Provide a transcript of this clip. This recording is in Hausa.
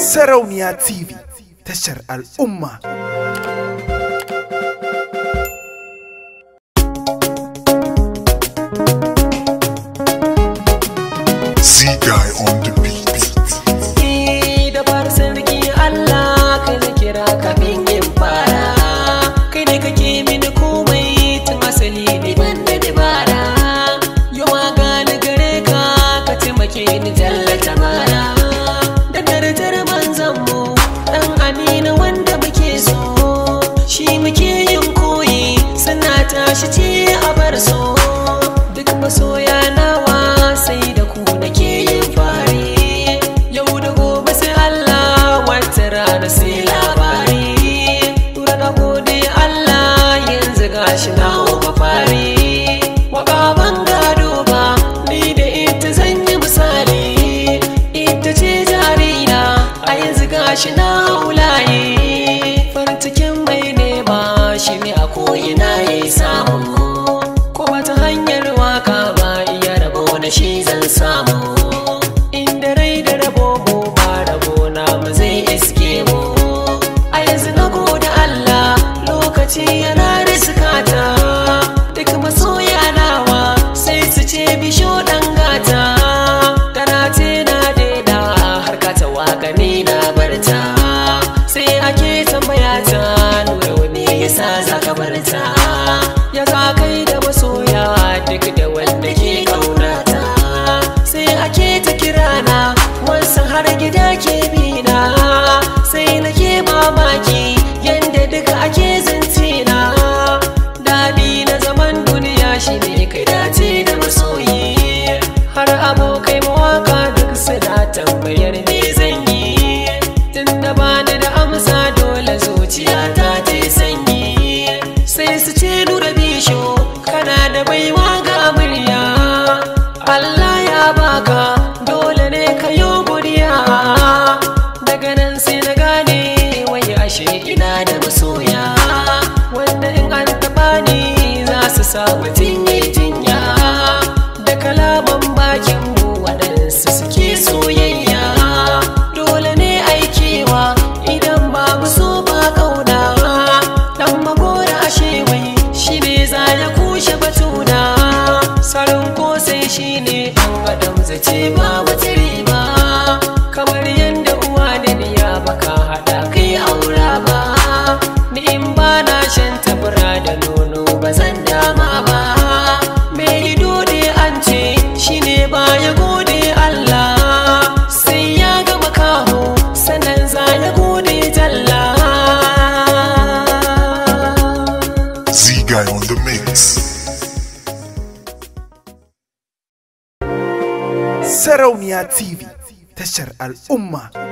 Sarauniya TV tashar al'umma. Z Guy on the beat. tashi ce a bar so duk masoya nawa sai da ku ke yin fari yau da gobe sai Allah wata rana sai labari tura na gode Allah yanzu gashi na hau fari waka ba ni da ita zan yi misali ita ce jarina a yanzu na hulaye tambaya lura wani yasa za ka bar ta ya za kai da masoya duk da wanda ke kauna sai ake ta kirana wasu har gida ke bina sai nake mamaki yadda duka ake zance na daɗi na zaman duniya shi ne kai dace da masoyi har abokai mawaka duk suna tambayar ne sa mutum yi jinya da kalaban bakin mu waɗansu suke soyayya dole ne aikewa idan babu so ba ƙauna ɗan magora ashe shi ne za ya kushe batuna sarin kosai shi ne an adam zace babu guy Sarauniya TV, tashar al'umma.